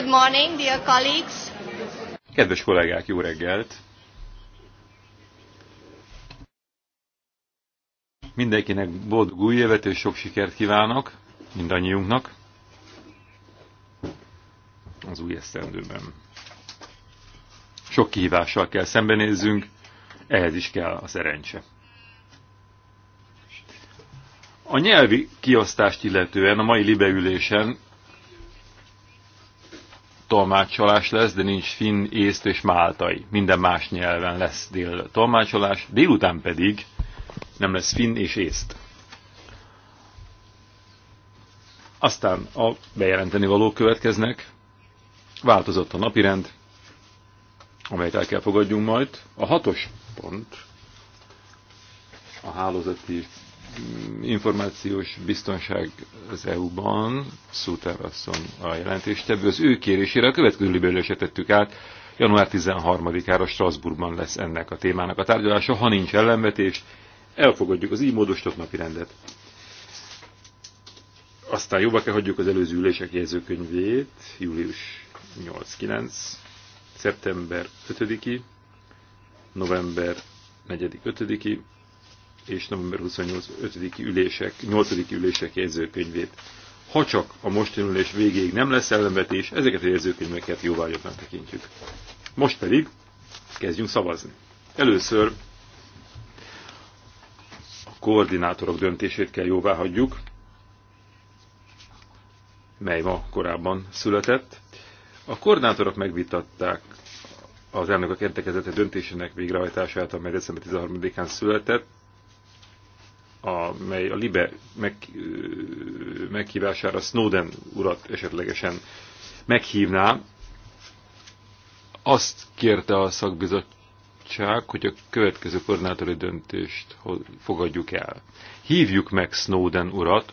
Good morning, dear colleagues. Kedves kollégák, jó reggelt! Mindenkinek boldog új évet és sok sikert kívánok, mindannyiunknak, az új esztendőben. Sok kihívással kell szembenézzünk, ehhez is kell a szerencse. A nyelvi kiosztást illetően a mai libeülésen tolmácsolás lesz, de nincs finn, észt és máltai. Minden más nyelven lesz dél tolmácsolás, délután pedig nem lesz finn és észt. Aztán a bejelenteni valók következnek, változott a napirend, amelyet el kell fogadjunk majd. A hatos pont a hálózati információs biztonság az EU-ban, Szúter a jelentéstevő, az ő kérésére a következő libelőse tettük át, január 13-ára Strasbourgban lesz ennek a témának a tárgyalása, ha nincs ellenvetés, elfogadjuk az így módosított napi rendet. Aztán jobba kell hagyjuk az előző ülések jegyzőkönyvét, július 8-9, szeptember 5-i, november 4-5-i, és november 28 i ülések, 8. ülések jegyzőkönyvét. Ha csak a mostani ülés végéig nem lesz ellenvetés, ezeket a jegyzőkönyveket jóvágyottnak tekintjük. Most pedig kezdjünk szavazni. Először a koordinátorok döntését kell jóvá hagyjuk, mely ma korábban született. A koordinátorok megvitatták az elnökök értekezete döntésének végrehajtását, amely december 13-án született, amely a Libe meg, meghívására Snowden urat esetlegesen meghívná, azt kérte a szakbizottság, hogy a következő koordinátori döntést fogadjuk el. Hívjuk meg Snowden urat,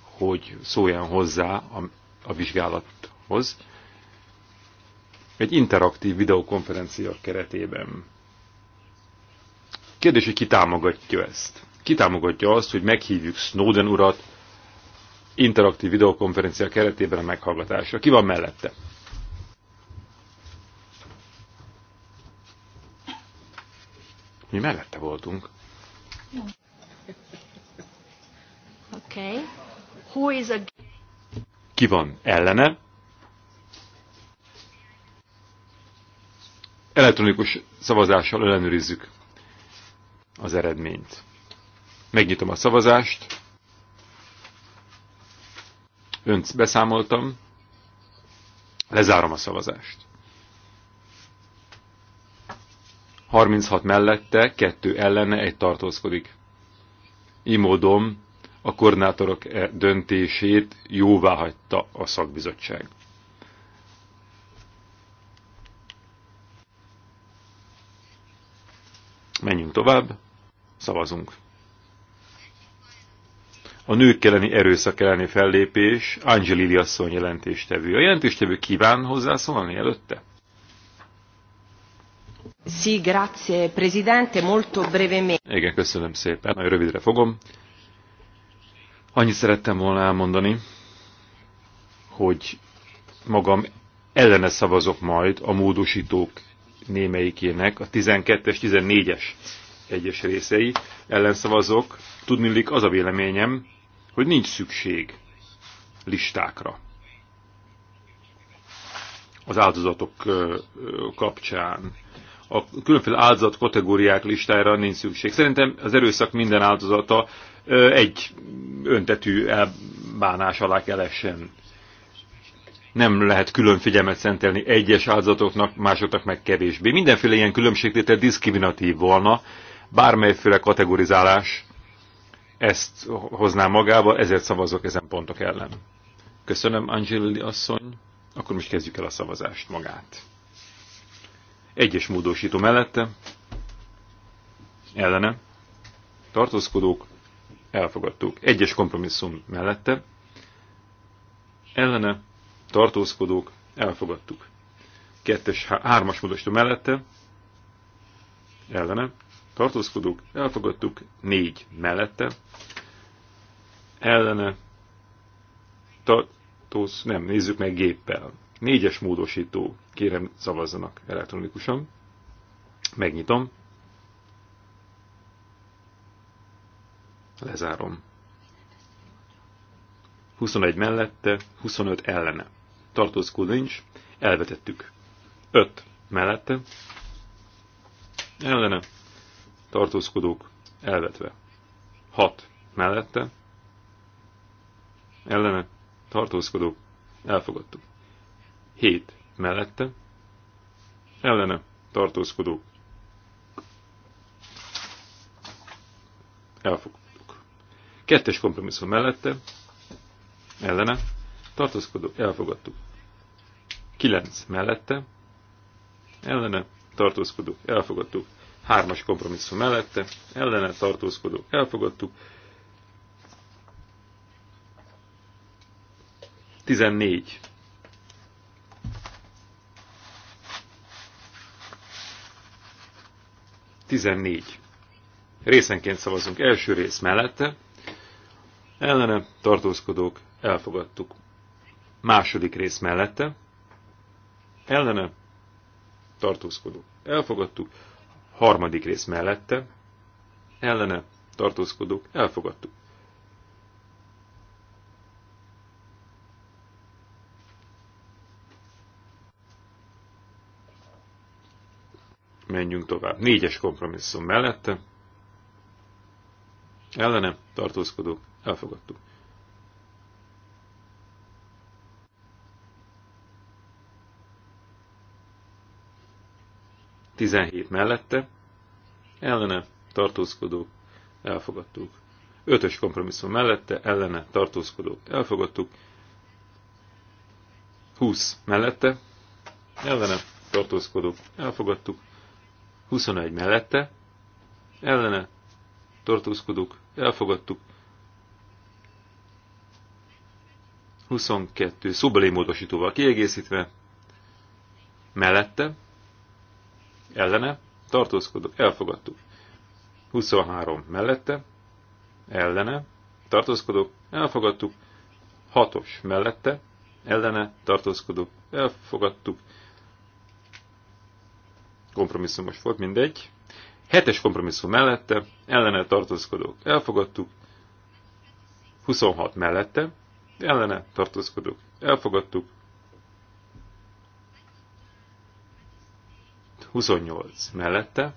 hogy szóljon hozzá a, a vizsgálathoz, egy interaktív videokonferencia keretében. Kérdés, hogy ki támogatja ezt? kitámogatja azt, hogy meghívjuk Snowden urat interaktív videokonferencia keretében a meghallgatásra. Ki van mellette? Mi mellette voltunk. Okay. Ki van ellene? Elektronikus szavazással ellenőrizzük az eredményt. Megnyitom a szavazást. Önt beszámoltam. Lezárom a szavazást. 36 mellette, 2 ellene, egy tartózkodik. Imódom a koordinátorok e döntését jóvá hagyta a szakbizottság. Menjünk tovább, szavazunk a nők elleni erőszak elleni fellépés, Angelili asszony jelentéstevő. A jelentéstevő kíván hozzászólni előtte? Sí, grazie, presidente, molto brevemente. Igen, köszönöm szépen, nagyon rövidre fogom. Annyit szerettem volna elmondani, hogy magam ellene szavazok majd a módosítók némelyikének, a 12-es, 14-es egyes részei ellen szavazok. Tudni az a véleményem, hogy nincs szükség listákra az áldozatok kapcsán. A különféle áldozat kategóriák listájára nincs szükség. Szerintem az erőszak minden áldozata egy öntetű elbánás alá kell essen. Nem lehet külön figyelmet szentelni egyes áldozatoknak, másoknak meg kevésbé. Mindenféle ilyen különbségtétel diszkriminatív volna, bármelyféle kategorizálás ezt hozná magába, ezért szavazok ezen pontok ellen. Köszönöm, Angelili asszony. Akkor most kezdjük el a szavazást magát. Egyes módosító mellette, ellene, tartózkodók, elfogadtuk. Egyes kompromisszum mellette, ellene, tartózkodók, elfogadtuk. Kettes, hármas módosító mellette, ellene, tartózkodók, elfogadtuk, négy mellette, ellene, tartóz, nem, nézzük meg géppel. Négyes módosító, kérem szavazzanak elektronikusan. Megnyitom. Lezárom. 21 mellette, 25 ellene. Tartózkodó nincs, elvetettük. 5 mellette, ellene, tartózkodók elvetve. 6 mellette, ellene tartózkodók elfogadtuk. 7 mellette, ellene tartózkodók elfogadtuk. 2. kompromisszum mellette, ellene tartózkodók elfogadtuk. 9 mellette, ellene tartózkodók elfogadtuk. Hármas kompromisszum mellette, ellene tartózkodók elfogadtuk. 14. Tizennégy. Részenként szavazunk első rész mellette. Ellene tartózkodók elfogadtuk. Második rész mellette. Ellene tartózkodók elfogadtuk harmadik rész mellette, ellene tartózkodók elfogadtuk. Menjünk tovább. Négyes kompromisszum mellette, ellene tartózkodók elfogadtuk. 17 mellette, ellene tartózkodók elfogadtuk. 5-ös kompromisszum mellette, ellene tartózkodók elfogadtuk. 20 mellette, ellene tartózkodók elfogadtuk. 21 mellette, ellene tartózkodók elfogadtuk. 22 szóbeli módosítóval kiegészítve, mellette, ellene, tartózkodok, elfogadtuk. 23 mellette, ellene, tartózkodok, elfogadtuk. 6-os mellette, ellene, tartózkodok, elfogadtuk. Kompromisszumos volt, mindegy. 7-es kompromisszum mellette, ellene, tartózkodok, elfogadtuk. 26 mellette, ellene, tartózkodok, elfogadtuk. 28 mellette,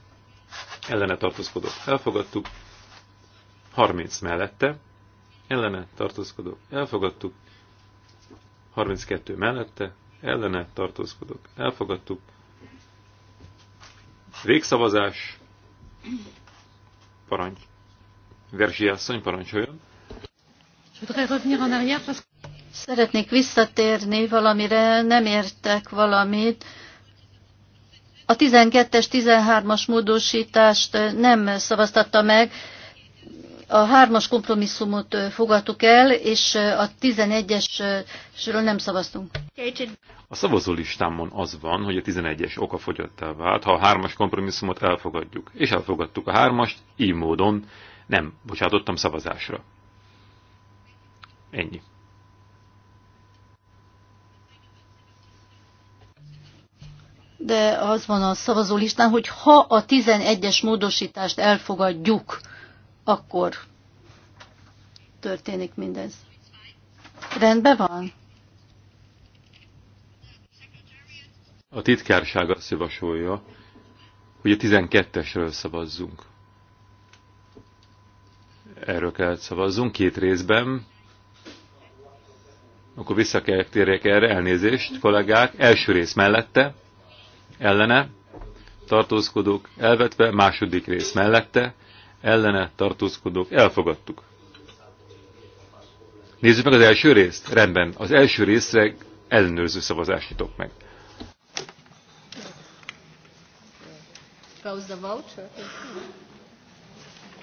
ellene tartózkodók elfogadtuk, 30 mellette, ellene tartózkodók elfogadtuk, 32 mellette, ellene tartózkodók elfogadtuk, végszavazás, parancs, versiászony parancsoljon. Szeretnék visszatérni valamire, nem értek valamit, a 12-es, 13-as módosítást nem szavaztatta meg, a hármas kompromisszumot fogadtuk el, és a 11-esről nem szavaztunk. A szavazólistámon az van, hogy a 11-es okafogyottá vált, ha a hármas kompromisszumot elfogadjuk. És elfogadtuk a hármast, így módon nem bocsátottam szavazásra. Ennyi. de az van a szavazó listán, hogy ha a 11-es módosítást elfogadjuk, akkor történik mindez. Rendben van? A titkárság azt javasolja, hogy a 12-esről szavazzunk. Erről kell szavazzunk két részben. Akkor vissza kell térjek erre, elnézést, kollégák. Első rész mellette, ellene, tartózkodók elvetve, második rész mellette, ellene, tartózkodók elfogadtuk. Nézzük meg az első részt. Rendben, az első részre ellenőrző szavazást nyitok meg. Close the vote.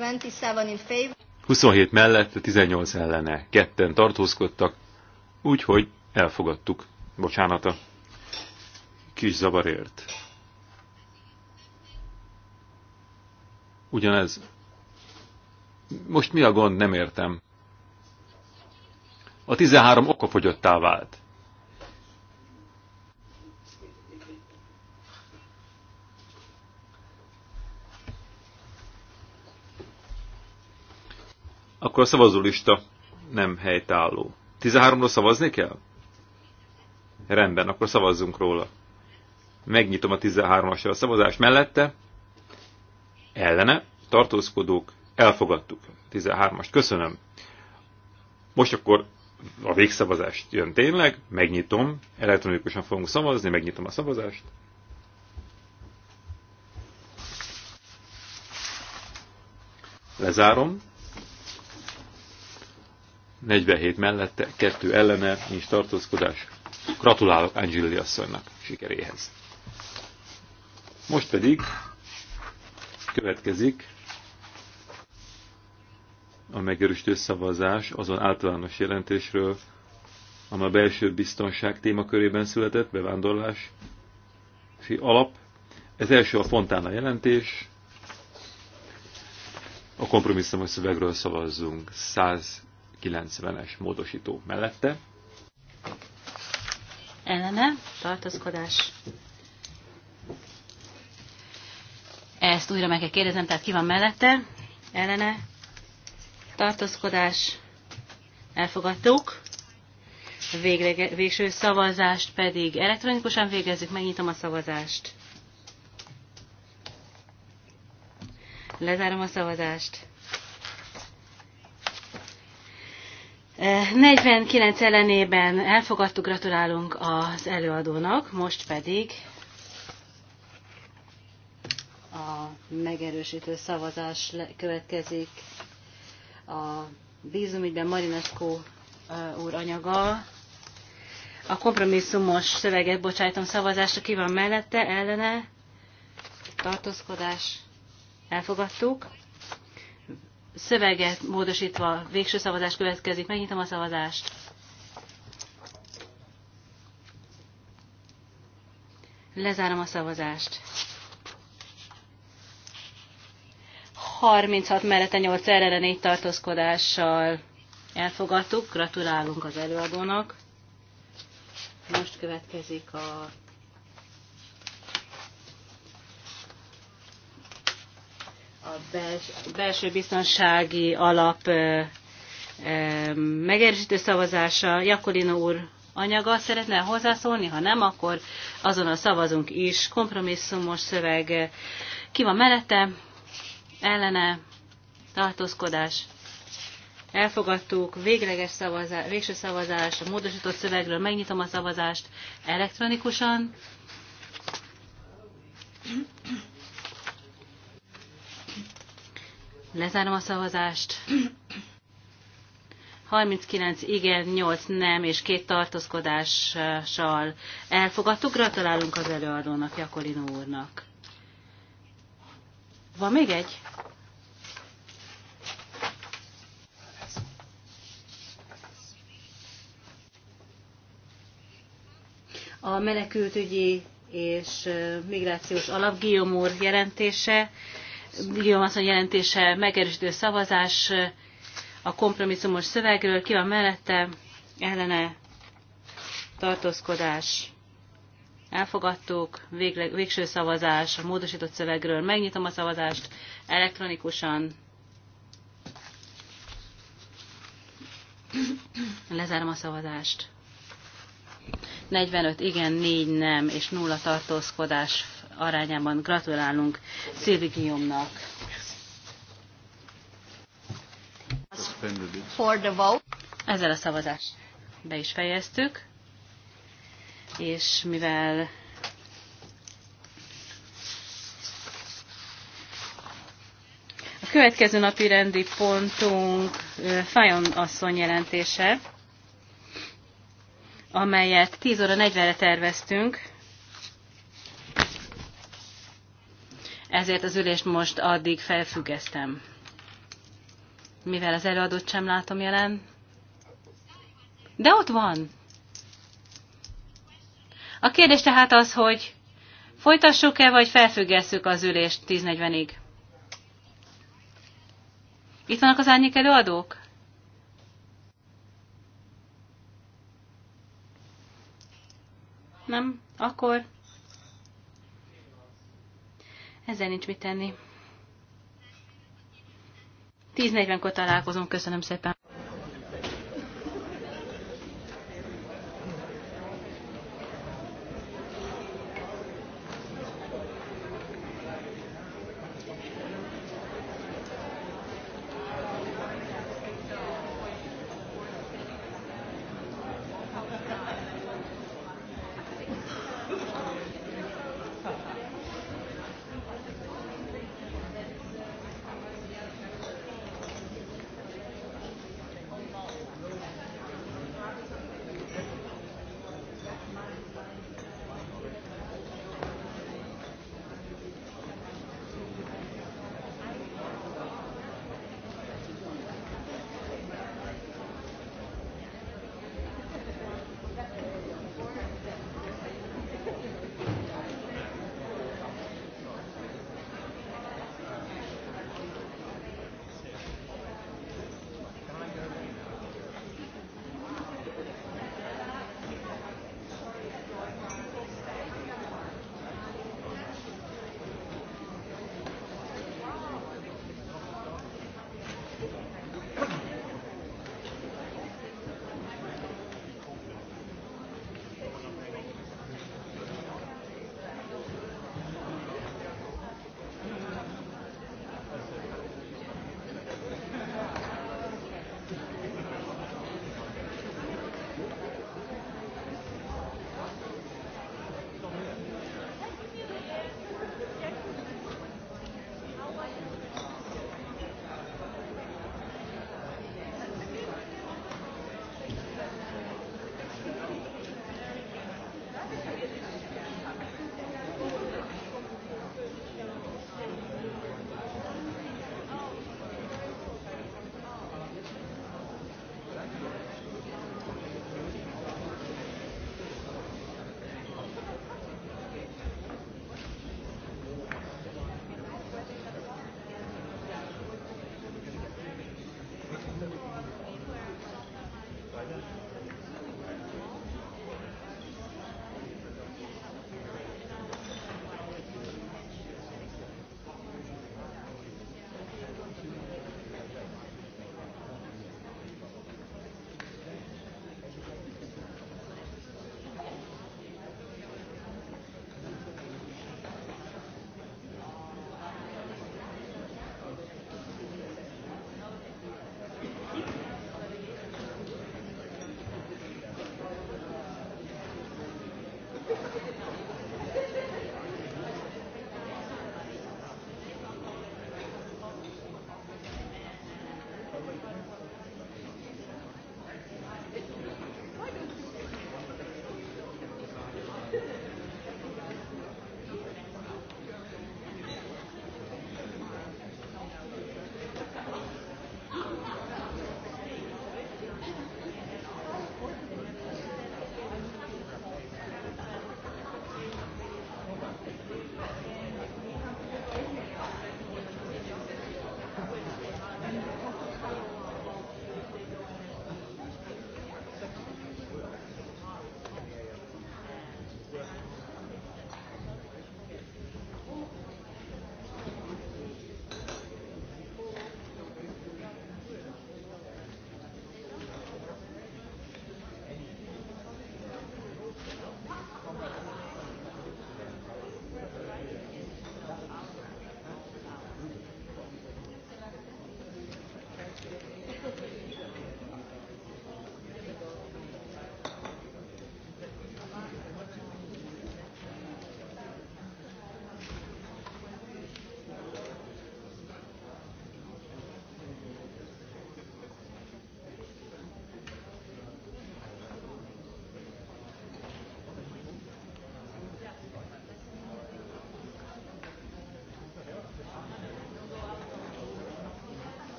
27 in favor. 27 mellett, 18 ellene. Ketten tartózkodtak, úgyhogy elfogadtuk. Bocsánata kis zavarért. Ugyanez. Most mi a gond, nem értem. A 13 okafogyottá vált. Akkor a szavazólista nem helytálló. 13-ról szavazni kell? Rendben, akkor szavazzunk róla. Megnyitom a 13-asra a szavazás mellette. Ellene. Tartózkodók. Elfogadtuk. 13-ast. Köszönöm. Most akkor a végszavazást jön tényleg. Megnyitom. Elektronikusan fogunk szavazni. Megnyitom a szavazást. Lezárom. 47 mellette, 2 ellene, nincs tartózkodás. Gratulálok Angelili asszonynak sikeréhez. Most pedig következik a megerősítő szavazás azon általános jelentésről, amely a belső biztonság témakörében született, bevándorlás alap. Ez első a Fontána jelentés, a kompromisszumos szövegről szavazzunk 190-es módosító mellette. Ellene tartozkodás, ezt újra meg kell kérdezem, tehát ki van mellette, ellene, tartózkodás, elfogadtuk. Végre, végső szavazást pedig elektronikusan végezzük, megnyitom a szavazást. Lezárom a szavazást. 49 eh, ellenében elfogadtuk, gratulálunk az előadónak, most pedig a megerősítő szavazás következik a bízumügyben Marinescu úr anyaga. A kompromisszumos szöveget bocsájtom szavazásra, ki van mellette, ellene, tartózkodás, elfogadtuk. Szöveget módosítva végső szavazás következik, megnyitom a szavazást. Lezárom a szavazást. 36 mellette 8 erre 4 tartózkodással elfogadtuk. Gratulálunk az előadónak. Most következik a a belső biztonsági alap megerősítő szavazása. Jakolino úr anyaga szeretne hozzászólni, ha nem, akkor azonnal szavazunk is. Kompromisszumos szöveg ki van mellette, ellene tartózkodás elfogadtuk, végleges szavazás, végső szavazás, a módosított szövegről megnyitom a szavazást elektronikusan. Lezárom a szavazást. 39 igen, 8 nem és két tartózkodással elfogadtuk. Gratulálunk az előadónak, Jakolino úrnak. Van még egy? A menekültügyi és migrációs alap Guillaume úr jelentése, Guillaume asszony jelentése megerősítő szavazás a kompromisszumos szövegről, ki van mellette, ellene tartózkodás elfogadtuk, végleg, végső szavazás a módosított szövegről, megnyitom a szavazást elektronikusan, lezárom a szavazást. 45 igen, 4 nem és nulla tartózkodás arányában gratulálunk Szilvi Guillaume-nak. Ezzel a szavazást be is fejeztük és mivel a következő napi rendi pontunk Fajon asszony jelentése, amelyet 10 óra 40-re terveztünk, ezért az ülést most addig felfüggesztem. Mivel az előadót sem látom jelen, de ott van! A kérdés tehát az, hogy folytassuk-e, vagy felfüggesszük az ülést 10.40-ig? Itt vannak az árnyék előadók? Nem? Akkor ezzel nincs mit tenni. 10.40-kor találkozunk. Köszönöm szépen.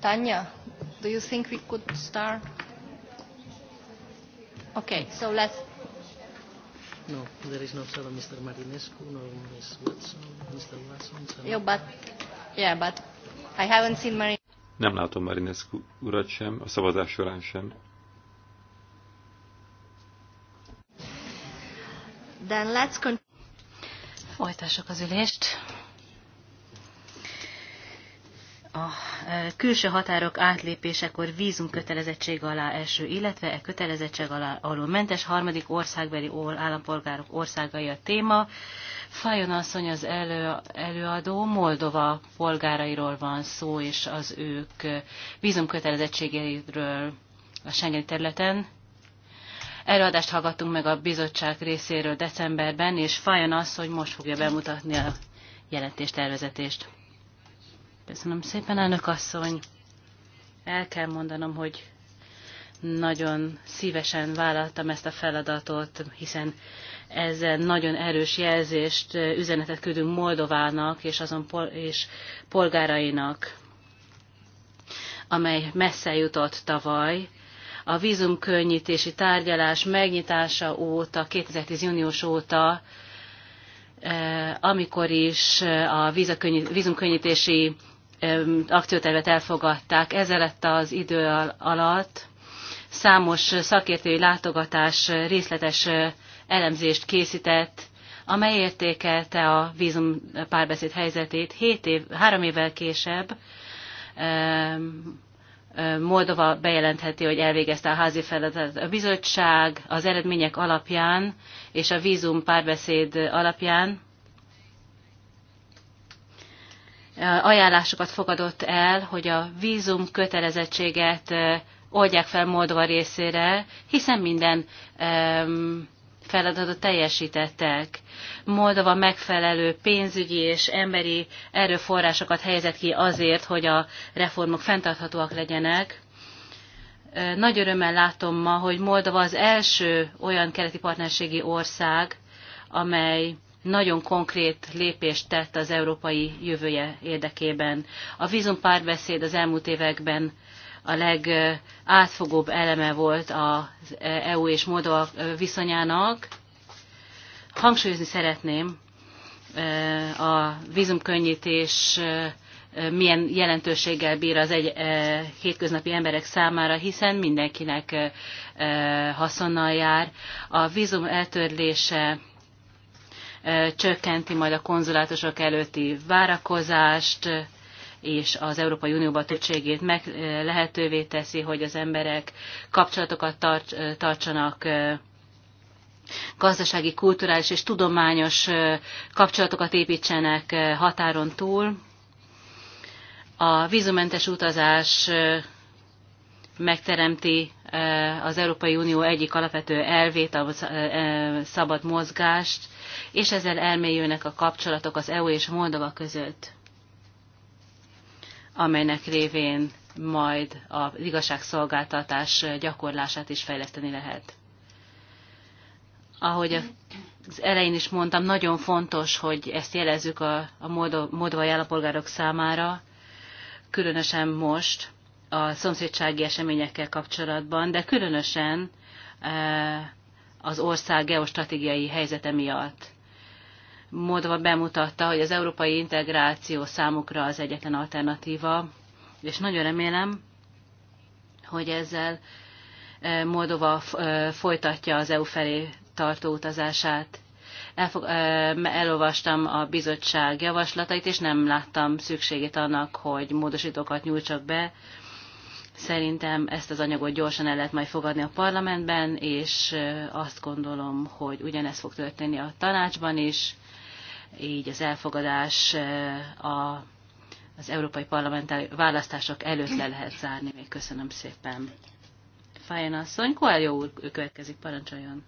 Tanya, do you think we could start? Okay, so let's. No, there is no solo Mr. Marinescu, no Ms. Watson, Mr. Watson. So no, but, yeah, but I haven't seen Marinescu. Nem látom Marinescu urat sem, a szavazás során sem. Then let's con- Folytassuk az ülést a e, külső határok átlépésekor vízum kötelezettség alá eső, illetve e kötelezettség alá alul mentes harmadik országbeli állampolgárok országai a téma. Fajon asszony az elő, előadó Moldova polgárairól van szó, és az ők e, vízum kötelezettségeiről a Schengen területen. Előadást hallgattunk meg a bizottság részéről decemberben, és Fajon asszony most fogja bemutatni a jelentéstervezetést. Köszönöm szépen, elnök asszony. El kell mondanom, hogy nagyon szívesen vállaltam ezt a feladatot, hiszen ezzel nagyon erős jelzést, üzenetet küldünk Moldovának és azon pol- és polgárainak, amely messze jutott tavaly. A vízumkönnyítési tárgyalás megnyitása óta, 2010. június óta, eh, amikor is eh, a vízumkönnyítési akciótervet elfogadták. Ez lett az idő alatt számos szakértői látogatás részletes elemzést készített, amely értékelte a vízum párbeszéd helyzetét. Hét év, három évvel később Moldova bejelentheti, hogy elvégezte a házi feladatot. A bizottság az eredmények alapján és a vízum párbeszéd alapján ajánlásokat fogadott el, hogy a vízum kötelezettséget oldják fel Moldova részére, hiszen minden feladatot teljesítettek. Moldova megfelelő pénzügyi és emberi erőforrásokat helyezett ki azért, hogy a reformok fenntarthatóak legyenek. Nagy örömmel látom ma, hogy Moldova az első olyan keleti partnerségi ország, amely nagyon konkrét lépést tett az európai jövője érdekében. A vízumpárbeszéd az elmúlt években a legátfogóbb eleme volt az EU és Moldova viszonyának. Hangsúlyozni szeretném e, a vízumkönnyítés e, milyen jelentőséggel bír az egy e, hétköznapi emberek számára, hiszen mindenkinek e, e haszonnal jár. A vízum eltörlése csökkenti majd a konzulátusok előtti várakozást, és az Európai Unióba többségét meg lehetővé teszi, hogy az emberek kapcsolatokat tartsanak gazdasági, kulturális és tudományos kapcsolatokat építsenek határon túl. A vízumentes utazás megteremti Eh, az Európai Unió egyik alapvető elvét, a eh, szabad mozgást, és ezzel elmélyülnek a kapcsolatok az EU és Moldova között, amelynek révén majd az igazságszolgáltatás gyakorlását is fejleszteni lehet. Ahogy az elején is mondtam, nagyon fontos, hogy ezt jelezzük a, a moldovai állampolgárok számára, különösen most, a szomszédsági eseményekkel kapcsolatban, de különösen e, az ország geostratégiai helyzete miatt. módva bemutatta, hogy az európai integráció számukra az egyetlen alternatíva, és nagyon remélem, hogy ezzel e, Moldova e, folytatja az EU felé tartó utazását. Elfog, elolvastam a bizottság javaslatait, és nem láttam szükségét annak, hogy módosítókat nyújtsak be. Szerintem ezt az anyagot gyorsan el lehet majd fogadni a parlamentben, és azt gondolom, hogy ugyanez fog történni a tanácsban is, így az elfogadás a, az európai parlamentári választások előtt le lehet zárni. Még köszönöm szépen. Fáján asszony, Koáljó úr, ő következik, parancsoljon.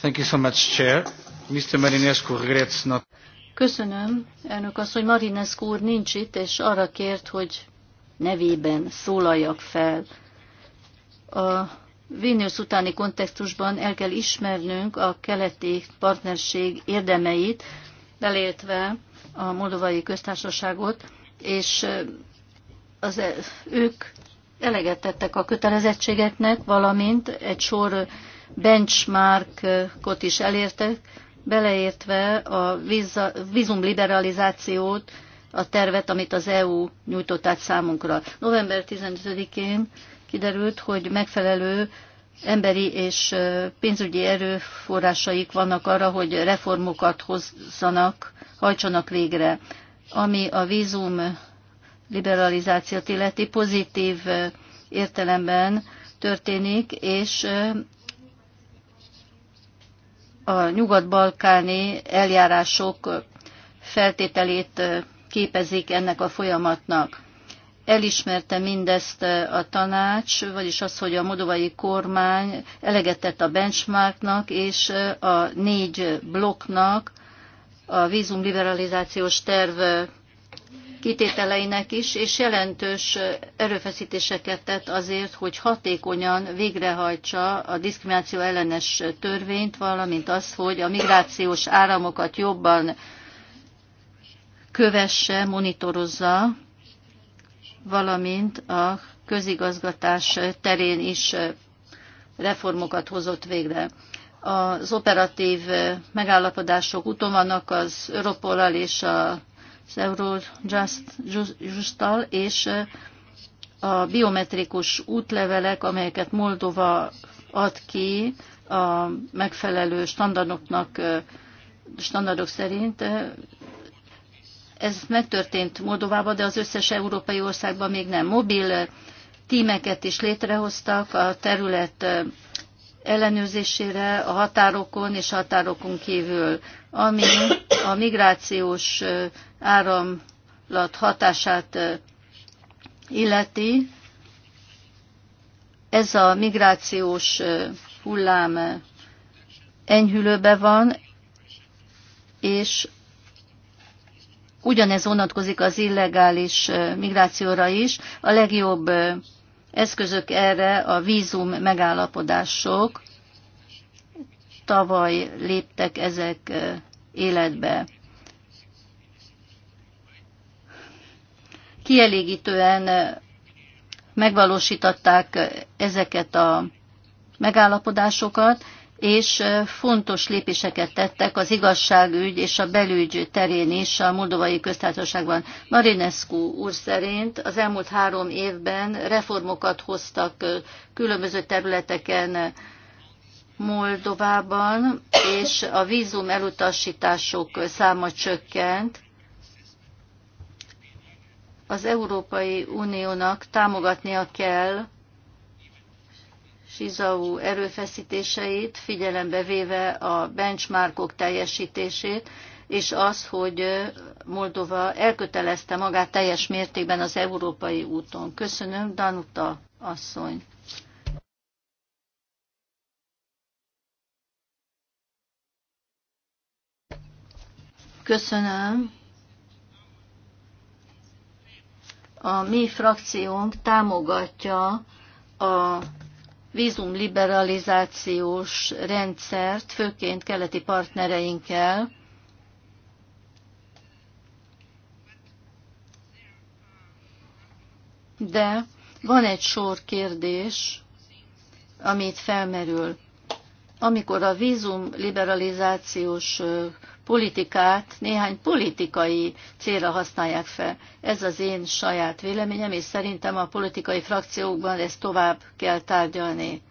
Thank you so much, Chair. Mr. Marinescu regrets not... Köszönöm, elnök asszony, Marinescu úr nincs itt, és arra kért, hogy nevében szólaljak fel. A Vilnius utáni kontextusban el kell ismernünk a keleti partnerség érdemeit, beleértve a moldovai köztársaságot, és az, e, ők eleget tettek a kötelezettségeknek, valamint egy sor benchmarkot is elértek, beleértve a vízumliberalizációt a tervet, amit az EU nyújtott át számunkra. November 15-én kiderült, hogy megfelelő emberi és pénzügyi erőforrásaik vannak arra, hogy reformokat hozzanak, hajtsanak végre. Ami a vízum liberalizációt illeti pozitív értelemben történik, és a nyugat-balkáni eljárások feltételét képezik ennek a folyamatnak. Elismerte mindezt eh, a tanács, vagyis az, hogy a modovai kormány eleget tett a benchmarknak és eh, a négy blokknak, a vízumliberalizációs terv eh, kitételeinek is, és jelentős erőfeszítéseket tett azért, hogy hatékonyan végrehajtsa a diszkrimináció ellenes törvényt, valamint az, hogy a migrációs áramokat jobban kövesse, monitorozza, valamint a közigazgatás terén is reformokat hozott végre. Az operatív megállapodások úton vannak az Europollal és az Eurojust-tal, és a biometrikus útlevelek, amelyeket Moldova ad ki a megfelelő standardoknak, standardok szerint ez megtörtént Moldovában, de az összes európai országban még nem. Mobil eh, tímeket is létrehoztak a terület eh, ellenőrzésére a határokon és határokon kívül, ami a migrációs eh, áramlat hatását illeti. Ez a migrációs hullám enyhülőbe van, és Ugyanez vonatkozik az illegális migrációra is. A legjobb eszközök erre a vízum megállapodások. Tavaly léptek ezek életbe. Kielégítően megvalósították ezeket a megállapodásokat, és fontos lépéseket tettek az igazságügy és a belügy terén is a Moldovai Köztársaságban. Marinescu úr szerint az elmúlt három évben reformokat hoztak különböző területeken Moldovában, és a vízum elutasítások száma csökkent. Az Európai Uniónak támogatnia kell Sizau erőfeszítéseit, figyelembe véve a benchmarkok teljesítését, és az, hogy Moldova elkötelezte magát teljes mértékben az európai úton. Köszönöm, Danuta asszony. Köszönöm. A mi frakciónk támogatja a vízumliberalizációs rendszert, főként keleti partnereinkkel, de van egy sor kérdés, amit felmerül. Amikor a vízumliberalizációs liberalizációs politikát néhány politikai célra használják fel. Ez az én saját véleményem, és szerintem a politikai frakciókban ezt tovább kell tárgyalni.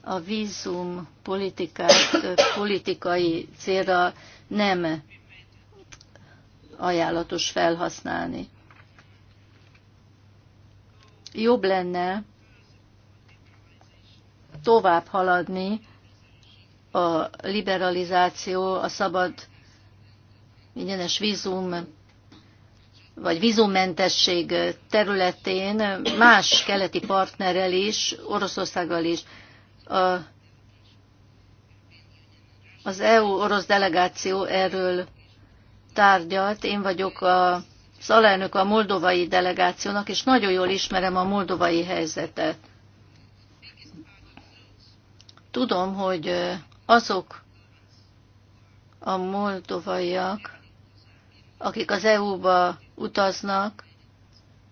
A vízum politikát politikai célra nem ajánlatos felhasználni. Jobb lenne tovább haladni a liberalizáció, a szabad ingyenes vízum vagy vízummentesség területén más keleti partnerrel is, Oroszországgal is. A, az EU-orosz delegáció erről tárgyalt. Én vagyok a az alelnök a moldovai delegációnak, és nagyon jól ismerem a moldovai helyzetet. Tudom, hogy azok a moldovaiak, akik az EU-ba utaznak,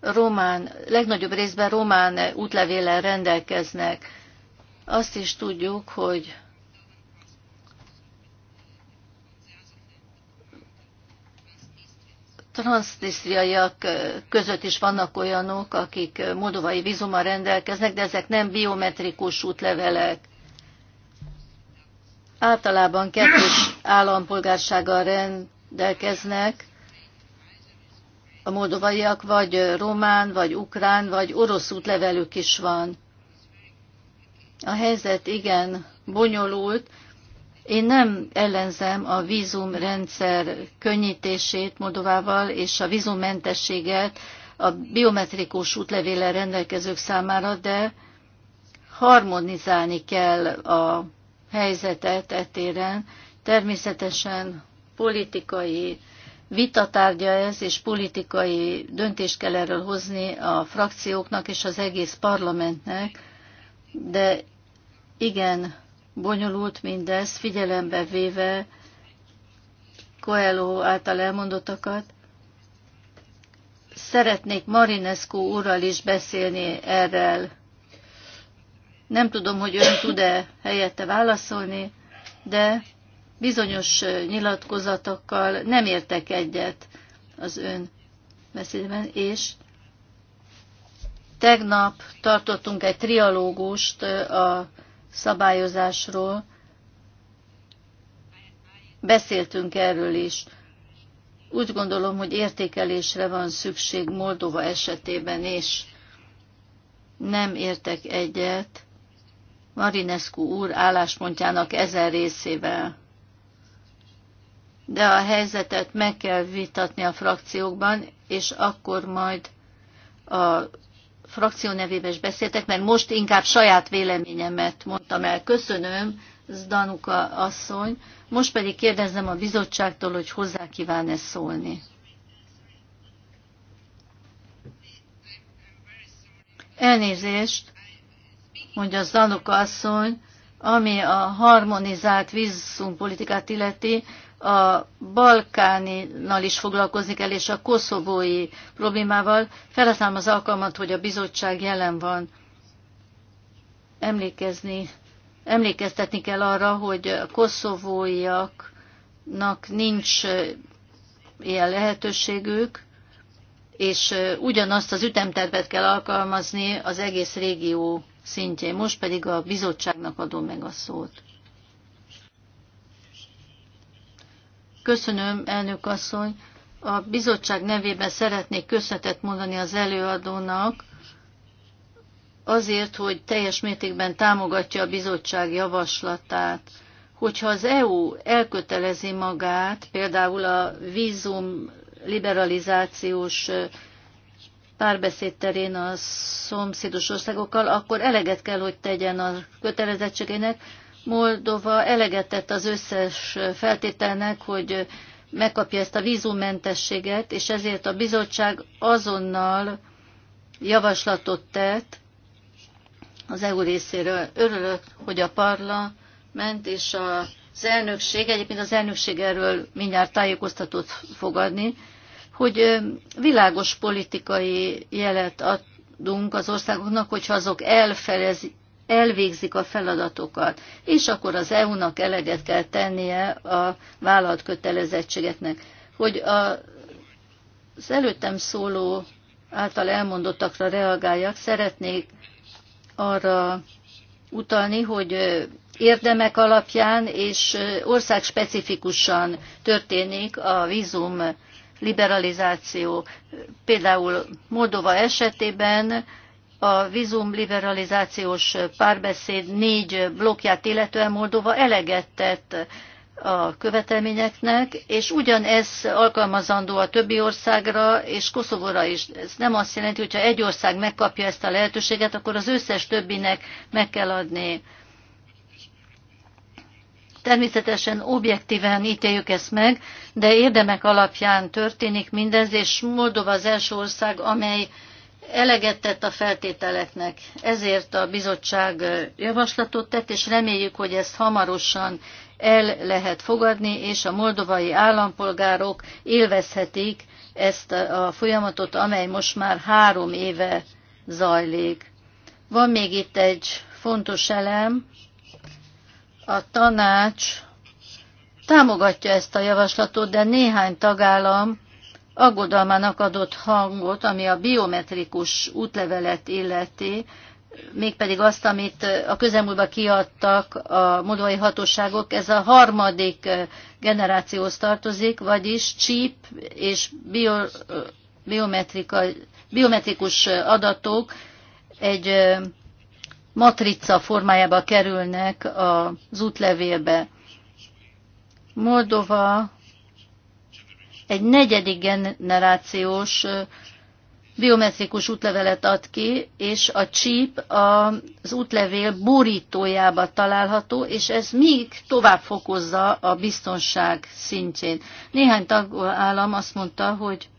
román, legnagyobb részben román útlevéllel rendelkeznek. Azt is tudjuk, hogy transztisztriaiak között is vannak olyanok, akik moldovai vízummal rendelkeznek, de ezek nem biometrikus útlevelek általában kettős állampolgársággal rendelkeznek, a moldovaiak vagy román, vagy ukrán, vagy orosz útlevelük is van. A helyzet igen bonyolult. Én nem ellenzem a vízumrendszer könnyítését Moldovával és a vízummentességet a biometrikus útlevéllel rendelkezők számára, de harmonizálni kell a helyzetet etéren. Természetesen politikai vitatárgya ez, és politikai döntést kell erről hozni a frakcióknak és az egész parlamentnek, de igen, bonyolult mindez, figyelembe véve Coelho által elmondottakat. Szeretnék Marinescu úrral is beszélni erről nem tudom, hogy ön tud-e helyette válaszolni, de bizonyos nyilatkozatokkal nem értek egyet az ön beszédben, és tegnap tartottunk egy trialógust a szabályozásról, beszéltünk erről is. Úgy gondolom, hogy értékelésre van szükség Moldova esetében és Nem értek egyet Marinescu úr álláspontjának ezen részével. De a helyzetet meg kell vitatni a frakciókban, és akkor majd a frakció nevében is beszéltek, mert most inkább saját véleményemet mondtam el. Köszönöm, Zdanuka asszony. Most pedig kérdezem a bizottságtól, hogy hozzá kíván-e szólni. Elnézést, mondja Zanuka asszony, ami a harmonizált vízumpolitikát illeti, a balkáninal is foglalkozni kell, és a koszovói problémával. Felhasználom az alkalmat, hogy a bizottság jelen van. Emlékezni, emlékeztetni kell arra, hogy a koszovóiaknak nincs ilyen lehetőségük, és ugyanazt az ütemtervet kell alkalmazni az egész régió szintjén. Most pedig a bizottságnak adom meg a szót. Köszönöm, elnök asszony. A bizottság nevében szeretnék köszönetet mondani az előadónak, azért, hogy teljes mértékben támogatja a bizottság javaslatát. Hogyha az EU elkötelezi magát, például a vízum liberalizációs párbeszéd terén a szomszédos országokkal, akkor eleget kell, hogy tegyen a kötelezettségének. Moldova eleget tett az összes feltételnek, hogy megkapja ezt a vízumentességet, és ezért a bizottság azonnal javaslatot tett az EU részéről. Örülök, hogy a parlament és a az elnökség, egyébként az elnökség erről mindjárt tájékoztatót fogadni, hogy világos politikai jelet adunk az országoknak, hogyha azok elfelez, elvégzik a feladatokat, és akkor az EU-nak eleget kell tennie a vállalt kötelezettségeknek. Hogy a, az előttem szóló által elmondottakra reagáljak, szeretnék arra utalni, hogy érdemek alapján és országspecifikusan történik a vízum liberalizáció. Például Moldova esetében a vízum liberalizációs párbeszéd négy blokkját illetően Moldova eleget tett a követelményeknek, és ugyanez alkalmazandó a többi országra és Koszovóra is. Ez nem azt jelenti, hogyha egy ország megkapja ezt a lehetőséget, akkor az összes többinek meg kell adni Természetesen objektíven ítéljük ezt meg, de érdemek alapján történik mindez, és Moldova az első ország, amely eleget tett a feltételeknek. Ezért a bizottság javaslatot tett, és reméljük, hogy ezt hamarosan el lehet fogadni, és a moldovai állampolgárok élvezhetik ezt a folyamatot, amely most már három éve zajlik. Van még itt egy fontos elem, a tanács támogatja ezt a javaslatot, de néhány tagállam aggodalmának adott hangot, ami a biometrikus útlevelet illeti, mégpedig azt, amit a közelmúltban kiadtak a moldovai hatóságok, ez a harmadik eh, generációhoz tartozik, vagyis csíp és bio, eh, biometrika, biometrikus adatok egy eh, matrica formájába kerülnek az útlevélbe. Moldova egy negyedik generációs biometrikus útlevelet ad ki, és a csíp az útlevél borítójába található, és ez még tovább fokozza a biztonság szintjén. Néhány tagállam azt mondta, hogy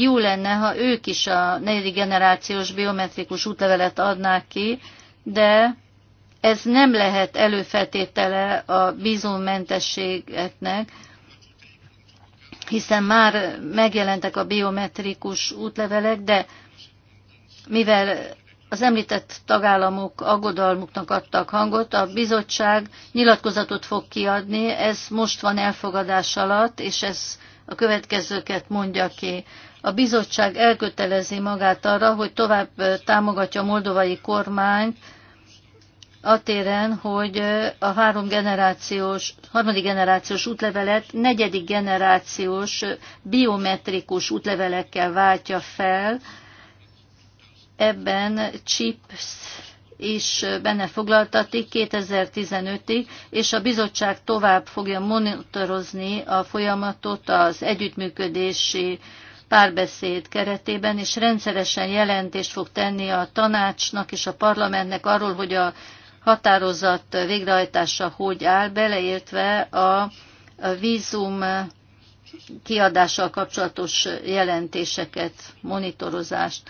jó lenne, ha ők is a negyedik generációs biometrikus útlevelet adnák ki, de ez nem lehet előfeltétele a bízómentességeknek, hiszen már megjelentek a biometrikus útlevelek, de mivel az említett tagállamok aggodalmuknak adtak hangot, a bizottság nyilatkozatot fog kiadni, ez most van elfogadás alatt, és ez a következőket mondja ki a bizottság elkötelezi magát arra, hogy tovább támogatja a moldovai kormányt a téren, hogy a három generációs, harmadik generációs útlevelet negyedik generációs biometrikus útlevelekkel váltja fel. Ebben chips is benne foglaltatik 2015-ig, és a bizottság tovább fogja monitorozni a folyamatot az együttműködési párbeszéd keretében, és rendszeresen jelentést fog tenni a tanácsnak és a parlamentnek arról, hogy a határozat végrehajtása hogy áll, beleértve a vízum kiadással kapcsolatos jelentéseket, monitorozást.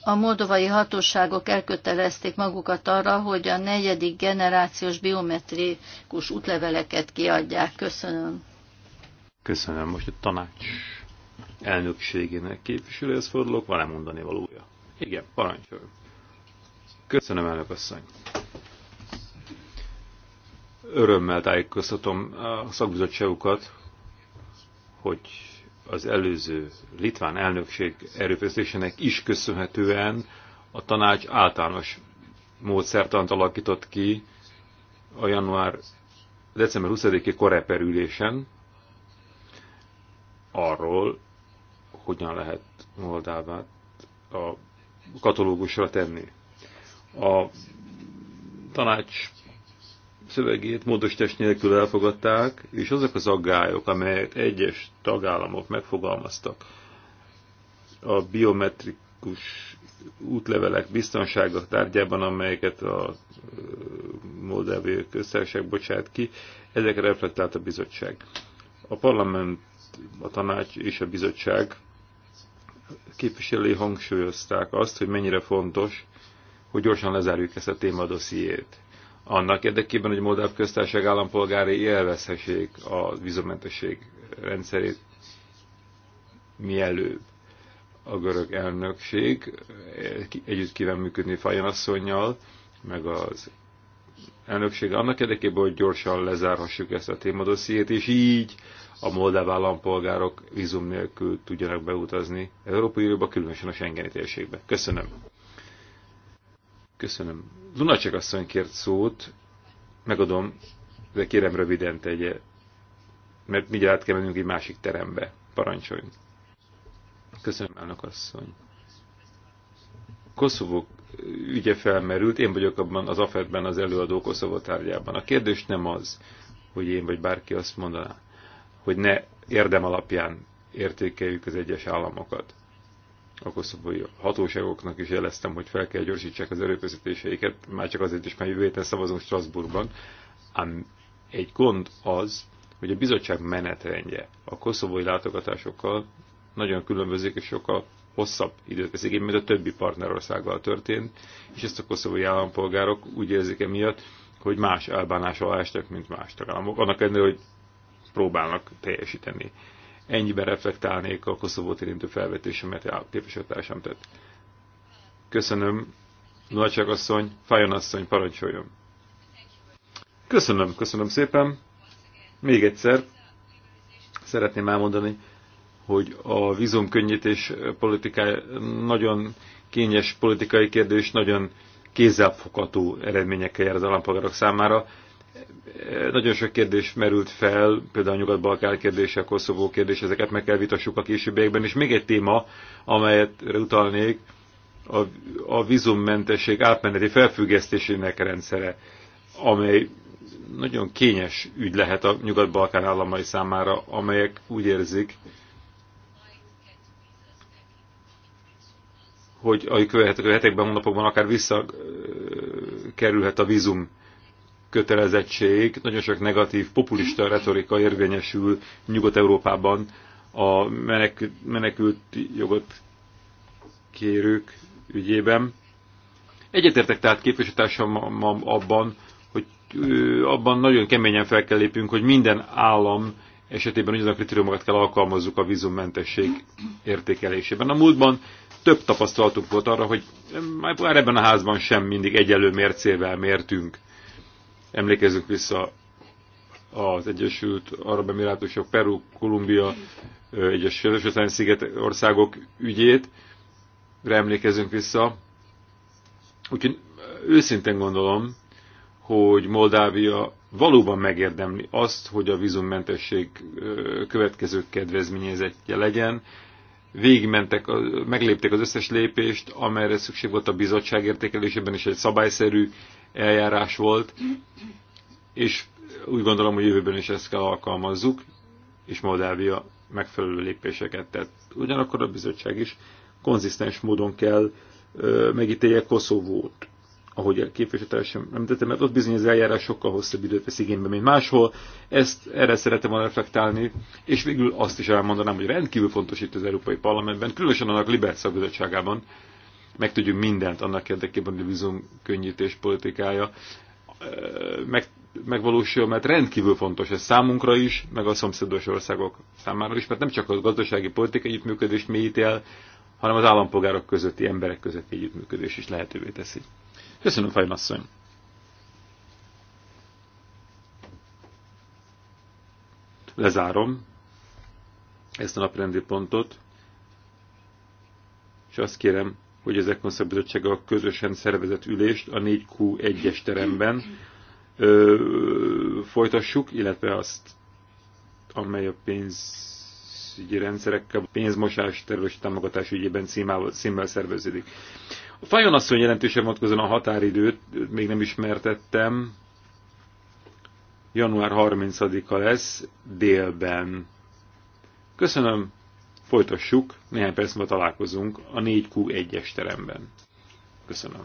A moldovai hatóságok elkötelezték magukat arra, hogy a negyedik generációs biometrikus útleveleket kiadják. Köszönöm. Köszönöm, most a tanács elnökségének képviselőhez fordulok, van-e mondani valója? Igen, parancsol. Köszönöm, elnök asszony. Örömmel tájékoztatom a szakbizottságukat, hogy az előző litván elnökség erőfeszítésének is köszönhetően a tanács általános módszertant alakított ki a január december 20-i koreperülésen, arról, hogyan lehet Moldávát a katalógusra tenni. A tanács szövegét módosítás nélkül elfogadták, és azok az aggályok, amelyek egyes tagállamok megfogalmaztak a biometrikus útlevelek biztonsága tárgyában, amelyeket a Moldáviai Köztársaság bocsát ki, ezekre reflektált a bizottság. A parlament a tanács és a bizottság képviselői hangsúlyozták azt, hogy mennyire fontos, hogy gyorsan lezárjuk ezt a témadossziét. Annak érdekében, hogy Moldáv köztársaság állampolgári élvezhessék a vízumentesség rendszerét mielőbb a görög elnökség együtt kíván működni Fajan asszonynal, meg az elnökség annak érdekében, hogy gyorsan lezárhassuk ezt a témadossziét, és így a moldáv állampolgárok vízum nélkül tudjanak beutazni Európai Unióba, különösen a Schengeni térségbe. Köszönöm. Köszönöm. Lunacek asszony kért szót, megadom, de kérem röviden tegye, mert mindjárt kell mennünk egy másik terembe. Parancsoljunk. Köszönöm, elnök asszony. Koszovó ügye felmerült, én vagyok abban az afed az előadó Koszovó tárgyában. A kérdés nem az, hogy én vagy bárki azt mondaná, hogy ne érdem alapján értékeljük az egyes államokat. A koszovói hatóságoknak is jeleztem, hogy fel kell gyorsítsák az erőfeszítéseiket, már csak azért is, mert jövő héten szavazunk Strasbourgban. Ám egy gond az, hogy a bizottság menetrendje a koszovói látogatásokkal nagyon különbözik, és sokkal hosszabb időt veszik, mint a többi partnerországgal történt, és ezt a koszovói állampolgárok úgy érzik emiatt, hogy más elbánás alá estek, mint más tagállamok. Annak ellenére, hogy próbálnak teljesíteni. Ennyiben reflektálnék a Koszovót érintő felvetésemet a képviselőtársam tett. Köszönöm, Nagyság asszony, Fajon asszony, parancsoljon. Köszönöm, köszönöm szépen. Még egyszer szeretném elmondani, hogy a vízumkönnyítés politikája nagyon kényes politikai kérdés, nagyon kézzelfogható eredményekkel jár az állampolgárok számára. Nagyon sok kérdés merült fel, például a Nyugat-Balkán kérdése, a Koszovó kérdés, ezeket meg kell vitassuk a későbbiekben. És még egy téma, amelyet utalnék, a, a vízummentesség átmeneti felfüggesztésének rendszere, amely nagyon kényes ügy lehet a Nyugat-Balkán államai számára, amelyek úgy érzik, hogy a következő hetekben, hónapokban akár visszakerülhet a vízum kötelezettség, nagyon sok negatív populista retorika érvényesül Nyugat-Európában a menekült jogot kérők ügyében. Egyetértek tehát képviselőtársammal abban, hogy abban nagyon keményen fel kell lépünk, hogy minden állam esetében ugyanaz a kritériumokat kell alkalmazzuk a vízummentesség értékelésében. A múltban több tapasztalatunk volt arra, hogy már ebben a házban sem mindig egyelő mércével mértünk Emlékezzük vissza az Egyesült Arab Emirátusok, Peru, Kolumbia, egyes Sörösötlen sziget országok ügyét, emlékezünk vissza. Úgyhogy őszintén gondolom, hogy Moldávia valóban megérdemli azt, hogy a vízummentesség következő kedvezményezettje legyen. Végigmentek, meglépték az összes lépést, amelyre szükség volt a bizottság értékelésében, és egy szabályszerű eljárás volt, és úgy gondolom, hogy jövőben is ezt kell alkalmazzuk, és Moldávia megfelelő lépéseket tett. Ugyanakkor a bizottság is konzisztens módon kell megítélje Koszovót, ahogy a képviselőtársam említette, mert ott bizony az eljárás sokkal hosszabb időt vesz igénybe, mint máshol. Ezt erre szeretem volna reflektálni, és végül azt is elmondanám, hogy rendkívül fontos itt az Európai Parlamentben, különösen annak Libert szakbizottságában, meg tudjuk mindent annak érdekében, hogy a vízum könnyítés politikája meg, megvalósul, mert rendkívül fontos ez számunkra is, meg a szomszédos országok számára is, mert nem csak a gazdasági politikai együttműködést mélyíti el, hanem az állampolgárok közötti, emberek közötti együttműködés is lehetővé teszi. Köszönöm, Fajnasszony! Lezárom ezt a naprendi pontot, és azt kérem, hogy ezek a bizottsága közösen szervezett ülést a 4Q1-es teremben ö, folytassuk, illetve azt, amely a pénzügyi rendszerekkel, pénzmosás, területi támogatás ügyében címával, címmel szerveződik. A Fajon asszony jelentősen vonatkozóan a határidőt még nem ismertettem. Január 30-a lesz délben. Köszönöm Folytassuk, néhány perc találkozunk a 4Q1-es teremben. Köszönöm.